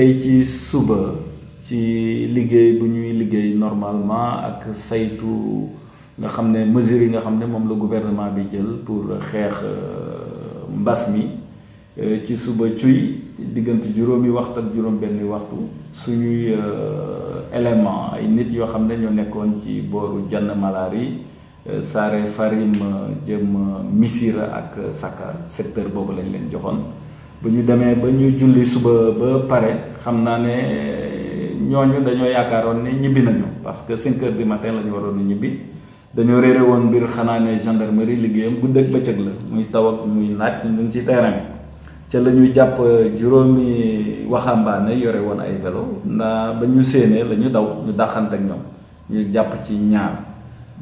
tey ci suba ci liggéey bu ñuy liggéey normalement ak saytu nga xam ne mesures yi nga xam ne moom la gouvernement bi jël pour xeex euh, mbas mi euh, ci suba cuy diggante juróomi waxtu ak juróom benni waxtu suñuy euh, élément ay nit yoo xam ne ñoo nekkoon ci booru Jann Malaari Saare Farim jëm Missira ak Saka secteur boobu lañ leen joxoon bu démé bañu julli suba ba pare xamna né ne ñooñu dañoo yaakaaroon né ñibbi nañu parce que 5 h du matin lañu waroon a ñibbi dañoo réere woon mbir xanaa ne gendarmerie liggéeyam guddeeg bëcëk la muy taw ak muy naaj ñu ci terrain ci lañu japp juroomi jàpp juróomi waxambaane yore won ay vélo na bañu séné lañu daw ñu daxant ak ñom ñu japp ci ñaar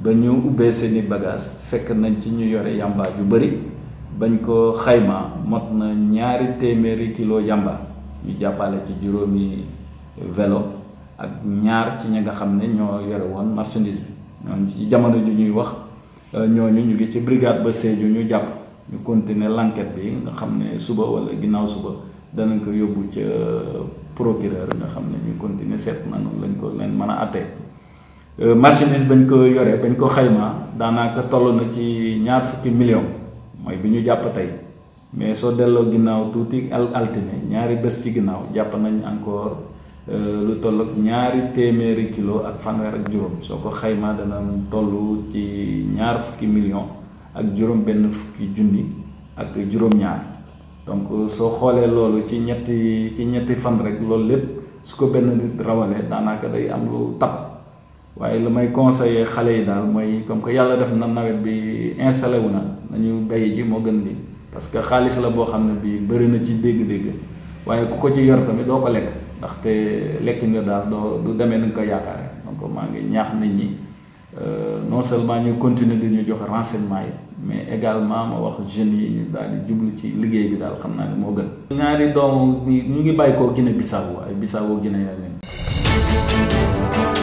bañu ubé seeni bagage fekk nañ ci ñu yoré yamba ju bari bañ ko xayma mot na ñaari téméré kilo yamba ñu jappalé ci juroomi vélo ak ñaar ci ñinga xamné xam ne ñoo yore woon marchandise bi ñooñu ci jamono ju ñuy wax euh, ñooñu ñu gi ci brigade ba séju ñu japp ñu continuer l'enquête bi nga xamné suba wala ginnaw suba danañ ko yobbu ci euh, procureur nga xamné ñu continuer na non lañ ko leen mëna a euh, marchandise bañ ko yore bañ ko xayma daanaka tollu na ci ñaar fukki millions moy biñu japp tay mais so delo ginnaw al altine ñaari bes ci ginnaw japp nañ encore euh, lu tollu ñaari téméré kilo ak fanwer ak juróom soko ko da na tollu ci ñaar fukki million ak juróom ben fukki junni ak juróom ñaar donc so xolé lolu ci ñetti ci ñetti fan rek lolu lepp su ko benn nit day am lu tap waaye lu may conseiller xale yi daal mooy comme que yàlla def na nawet bi installé wu na nañu bay ji moo gën bi parce que xaalis la boo xam ne bi bëri na ci dégg-dégg waaye ku ko ci yor tamit doo ko lekk ndaxte lekkin nga daal doo du demee ni nga ko yaakaare donc maa ngi ñaax nit ñi euh, non seulement ñu continuer di ñu jox renseignement yi mais également ma wax jeunes yi daal jublu ci liggéey bi daal xam naa ne moo gën. ñaari doom mu ngi bàyyi koo Guinée Bissau ay Bissau Guinée yaa